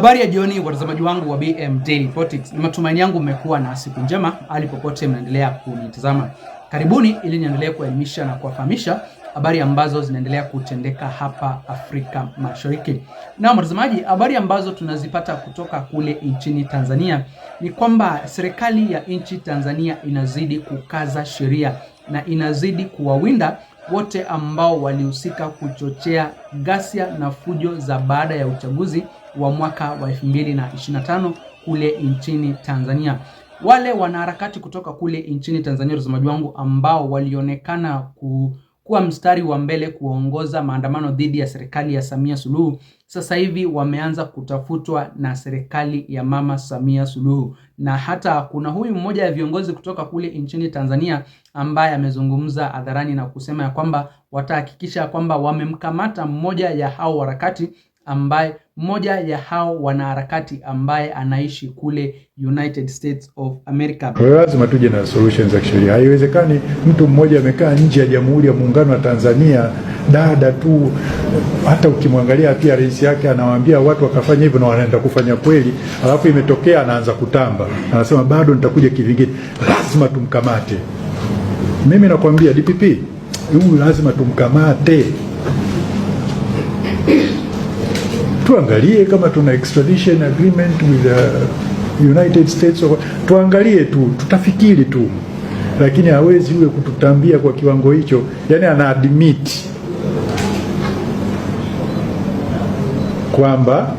Habari ya jioni watazamaji wangu wa BM Daily Politics. Ni matumaini yangu mmekuwa na siku njema hali popote mnaendelea kunitazama. Karibuni ili niendelee kuelimisha na kuwafahamisha habari ambazo zinaendelea kutendeka hapa Afrika Mashariki. Na watazamaji, habari ambazo tunazipata kutoka kule nchini Tanzania ni kwamba serikali ya nchi Tanzania inazidi kukaza sheria na inazidi kuwawinda wote ambao walihusika kuchochea ghasia na fujo za baada ya uchaguzi wa mwaka wa 2025 kule nchini Tanzania. Wale wanaharakati kutoka kule nchini Tanzania, watazamaji wangu, ambao walionekana ku kuwa mstari wa mbele kuongoza maandamano dhidi ya serikali ya Samia Suluhu, sasa hivi wameanza kutafutwa na serikali ya Mama Samia Suluhu. Na hata kuna huyu mmoja ya viongozi kutoka kule nchini Tanzania ambaye amezungumza hadharani na kusema ya kwamba watahakikisha kwamba wamemkamata mmoja ya hao harakati ambaye mmoja ya hao wanaharakati ambaye anaishi kule United States of America. Kwa hiyo lazima tuje na solutions za kisheria. Haiwezekani mtu mmoja amekaa nje ya Jamhuri ya Muungano wa Tanzania, dada tu. Hata ukimwangalia pia rais yake anawaambia watu wakafanya hivyo na wanaenda kufanya kweli, alafu imetokea anaanza kutamba, anasema bado nitakuja kivingine. Lazima tumkamate. Mimi nakwambia DPP, huyu lazima tumkamate. tuangalie kama tuna extradition agreement with the United States, tuangalie tu, tutafikiri tu, lakini hawezi yule kututambia kwa kiwango hicho. Yani ana admit kwamba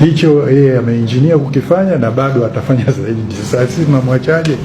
hicho yeye ameinjinia kukifanya na bado atafanya zaidi. Sasa sisi tunamwachaje?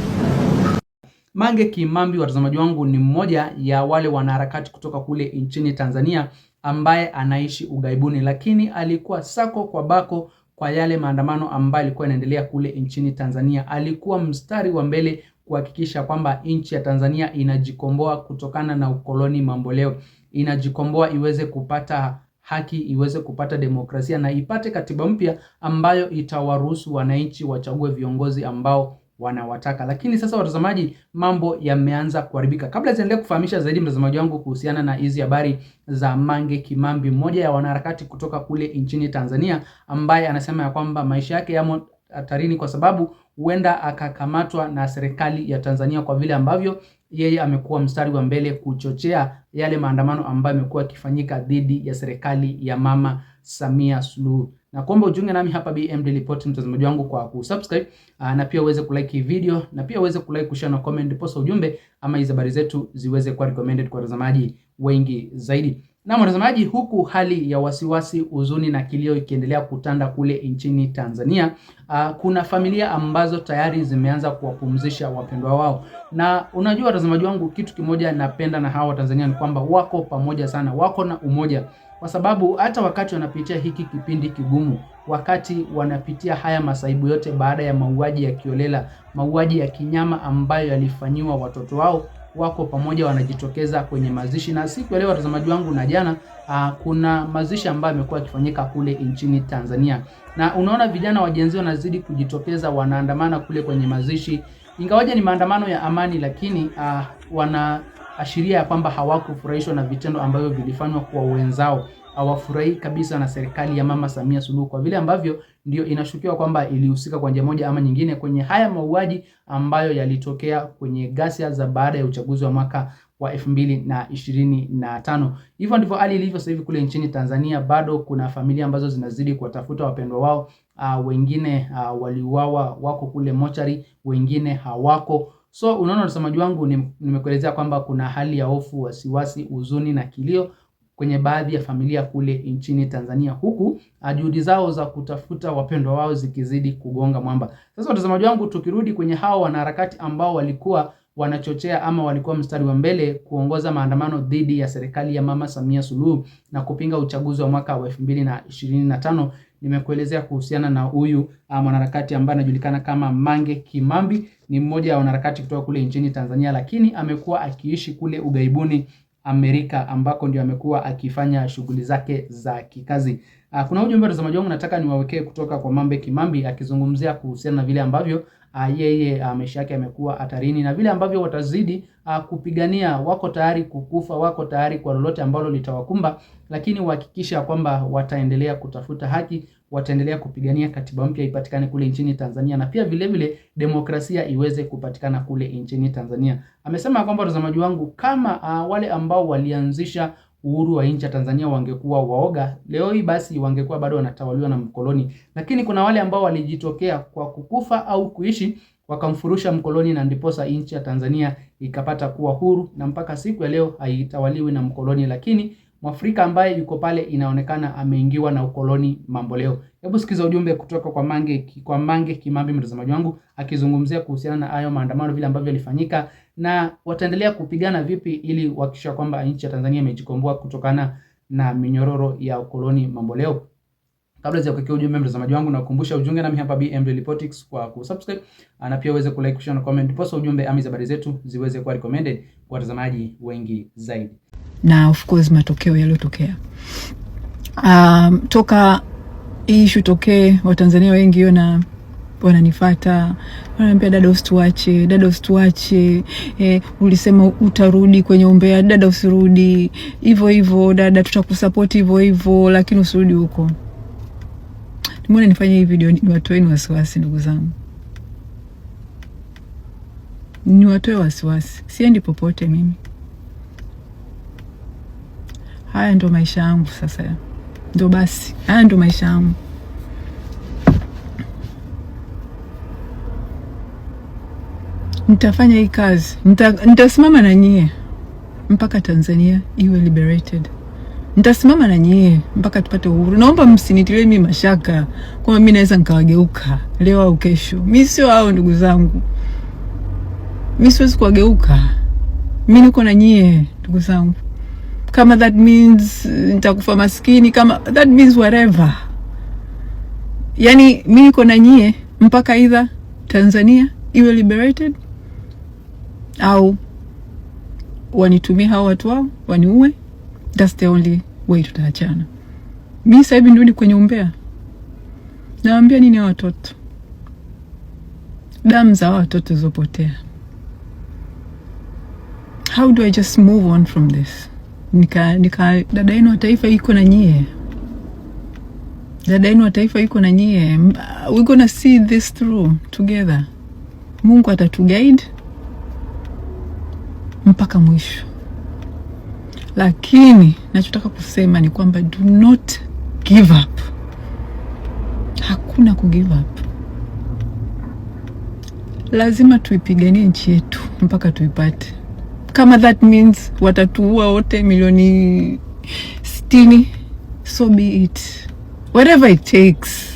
Mange Kimambi, watazamaji wangu, ni mmoja ya wale wanaharakati kutoka kule nchini Tanzania ambaye anaishi ugaibuni, lakini alikuwa sako kwa bako kwa yale maandamano ambayo yalikuwa yanaendelea kule nchini Tanzania. Alikuwa mstari wa mbele kuhakikisha kwamba nchi ya Tanzania inajikomboa kutokana na ukoloni mamboleo, inajikomboa iweze kupata haki, iweze kupata demokrasia na ipate katiba mpya ambayo itawaruhusu wananchi wachague viongozi ambao wanawataka. Lakini sasa, watazamaji, mambo yameanza kuharibika. Kabla siendelee kufahamisha zaidi, mtazamaji wangu, kuhusiana na hizi habari za Mange Kimambi, mmoja ya wanaharakati kutoka kule nchini Tanzania, ambaye anasema ya kwamba maisha yake yamo hatarini kwa sababu huenda akakamatwa na serikali ya Tanzania kwa vile ambavyo yeye amekuwa mstari wa mbele kuchochea yale maandamano ambayo amekuwa akifanyika dhidi ya serikali ya Mama Samia Suluhu na kuomba ujiunge nami hapa BMD Report, mtazamaji wangu, kwa kusubscribe ah, na pia uweze kulike hii video na pia uweze kulike, kushare na comment, posa ujumbe ama hizi habari zetu ziweze kuwa recommended kwa watazamaji wengi zaidi. Na mtazamaji, huku hali ya wasiwasi, huzuni na kilio ikiendelea kutanda kule nchini Tanzania, uh, kuna familia ambazo tayari zimeanza kuwapumzisha wapendwa wao. Na unajua watazamaji wangu, kitu kimoja napenda na hawa Watanzania ni kwamba wako pamoja sana, wako na umoja, kwa sababu hata wakati wanapitia hiki kipindi kigumu, wakati wanapitia haya masaibu yote baada ya mauaji ya kiolela, mauaji ya kinyama ambayo yalifanyiwa watoto wao wako pamoja wanajitokeza kwenye mazishi. Na siku ya leo watazamaji wangu, na jana uh, kuna mazishi ambayo yamekuwa yakifanyika kule nchini Tanzania, na unaona vijana wajenzi wanazidi kujitokeza, wanaandamana kule kwenye mazishi, ingawaje ni maandamano ya amani, lakini uh, wana ashiria ya kwamba hawakufurahishwa na vitendo ambavyo vilifanywa kwa wenzao. Hawafurahii kabisa na serikali ya Mama Samia Suluhu kwa vile ambavyo ndio inashukiwa kwamba ilihusika kwa njia moja ama nyingine kwenye haya mauaji ambayo yalitokea kwenye ghasia za baada ya uchaguzi wa mwaka wa 2025. Hivyo ndivyo hali ilivyo sasa hivi kule nchini Tanzania. Bado kuna familia ambazo zinazidi kuwatafuta wapendwa wao. Uh, wengine uh, waliuawa wako kule mochari, wengine hawako So unaona mtazamaji wangu, nimekuelezea kwamba kuna hali ya hofu, wasiwasi, huzuni na kilio kwenye baadhi ya familia kule nchini Tanzania, huku juhudi zao za kutafuta wapendwa wao zikizidi kugonga mwamba. Sasa watazamaji wangu, tukirudi kwenye hao wanaharakati ambao walikuwa wanachochea ama walikuwa mstari wa mbele kuongoza maandamano dhidi ya serikali ya Mama Samia Suluhu na kupinga uchaguzi wa mwaka wa 2025 nimekuelezea kuhusiana na huyu ah, mwanaharakati ambaye anajulikana kama Mange Kimambi. Ni mmoja wa wanaharakati kutoka kule nchini Tanzania, lakini amekuwa akiishi kule ugaibuni Amerika, ambako ndio amekuwa akifanya shughuli zake za kikazi. Ah, kuna ujumbe watazamaji wangu nataka niwawekee kutoka kwa mambe Kimambi akizungumzia kuhusiana na vile ambavyo uh, yeye uh, maisha yake yamekuwa hatarini, na vile ambavyo watazidi uh, kupigania, wako tayari kukufa, wako tayari kwa lolote ambalo litawakumba, lakini wahakikisha kwamba wataendelea kutafuta haki, wataendelea kupigania katiba mpya ipatikane kule nchini Tanzania, na pia vile vile demokrasia iweze kupatikana kule nchini Tanzania. Amesema kwamba watazamaji wangu, kama uh, wale ambao walianzisha uhuru wa nchi ya Tanzania wangekuwa waoga leo hii, basi wangekuwa bado wanatawaliwa na mkoloni. Lakini kuna wale ambao walijitokea kwa kukufa au kuishi wakamfurusha mkoloni, na ndiposa nchi ya Tanzania ikapata kuwa huru na mpaka siku ya leo haitawaliwi na mkoloni, lakini Mwafrika ambaye yuko pale inaonekana ameingiwa na ukoloni mambo leo. Hebu sikiza ujumbe kutoka kwa Mange, kwa Mange Kimambi, mtazamaji wangu akizungumzia kuhusiana na hayo maandamano vile ambavyo yalifanyika na wataendelea kupigana vipi ili kuhakikisha kwamba nchi ya Tanzania imejikomboa kutokana na minyororo ya ukoloni mamboleo. Kabla ya kuwekea ujumbe mtazamaji wangu, nakukumbusha ujunge nami hapa BM Daily Politics kwa kusubscribe ah, na pia uweze kulike, kushare na comment, posa ujumbe ami za habari zetu ziweze kuwa recommended kwa watazamaji wengi zaidi, na of course matokeo yaliyotokea um, toka hii issue tokee Watanzania wengi na wananifata wananiambia, dada usituache, dada usituache e, ulisema utarudi kwenye umbea, dada usirudi hivyo hivyo, dada tutakusapoti hivyo hivyo, lakini usirudi huko. Nimeona nifanye hii video niwatoeni wasiwasi, ndugu zangu, niwatoe wasiwasi. Siendi popote mimi, haya ndo maisha yangu sasa, ndo basi, haya ndo maisha yangu. nitafanya hii kazi, nitasimama na nyie mpaka Tanzania iwe liberated. Nitasimama na nyie mpaka tupate uhuru. Naomba msinitilie mimi mashaka kwamba mimi naweza nikawageuka leo au kesho. Mimi sio hao, ndugu zangu, mimi siwezi kuwageuka. Mimi niko na nyie, ndugu zangu. Kama that means nitakufa maskini, kama that means whatever, yani mimi niko na nyie mpaka either Tanzania iwe liberated au wanitumie hao watu wao waniue. That's the only way tutaachana. Mi sasa hivi ni kwenye umbea, nawaambia nini hao watoto? Damu za hao watoto zopotea. How do I just move on from this? Nika, nika dada yenu wa taifa iko na nyie, dada yenu wa taifa iko na nyie. We gonna see this through together. Mungu atatuguide mpaka mwisho, lakini nachotaka kusema ni kwamba do not give up. Hakuna ku give up, lazima tuipiganie nchi yetu mpaka tuipate. Kama that means watatuua wote milioni sitini, so be it, whatever it takes.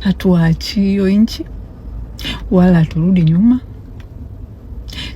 Hatuwaachi hiyo nchi wala haturudi nyuma.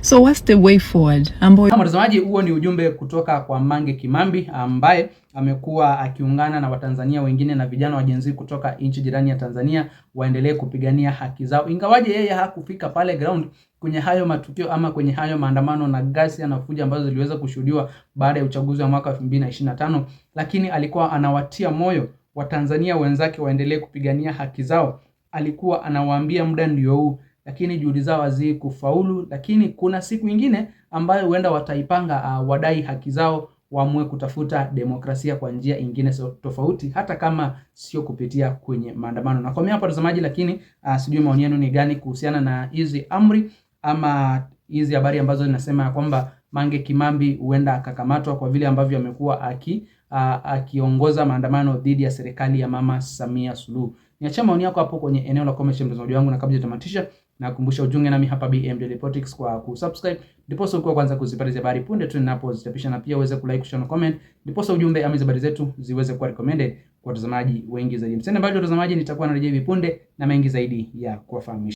So what's the way forward? Ambayo mtazamaji, huo ni ujumbe kutoka kwa Mange Kimambi ambaye amekuwa akiungana na Watanzania wengine na vijana wa Gen Z kutoka nchi jirani ya Tanzania waendelee kupigania haki zao, ingawaje yeye hakufika pale ground kwenye hayo matukio ama kwenye hayo maandamano na ghasia na fujo ambazo ziliweza kushuhudiwa baada ya uchaguzi wa mwaka 2025, lakini alikuwa anawatia moyo Watanzania wenzake waendelee kupigania haki zao. Alikuwa anawaambia muda ndio huu lakini juhudi zao hazii kufaulu Lakini kuna siku ingine ambayo huenda wataipanga, uh, wadai haki zao waamue kutafuta demokrasia kwa njia ingine so, tofauti hata kama sio kupitia kwenye maandamano. Na kwa hapa watazamaji, lakini uh, sijui maoni yenu ni gani kuhusiana na hizi amri ama hizi habari ambazo zinasema ya kwamba Mange Kimambi huenda akakamatwa kwa vile ambavyo amekuwa aki ah, akiongoza maandamano dhidi ya serikali ya Mama Samia Suluhu. Niachia maoni yako hapo kwenye eneo la comment mtazamaji wangu, na kabla sijatamatisha, nakukumbusha ujunge nami hapa BM Politics kwa kusubscribe, ndipo sio kwa kwanza kuzipata hizo habari punde tu ninapozichapisha, na pia uweze kulike, kushare na comment, ndipo sio ujumbe ama habari zetu ziweze kuwa recommended kwa watazamaji wengi zaidi. Msende mbali watazamaji, nitakuwa narejea hivi punde na mengi zaidi ya kuwafahamisha.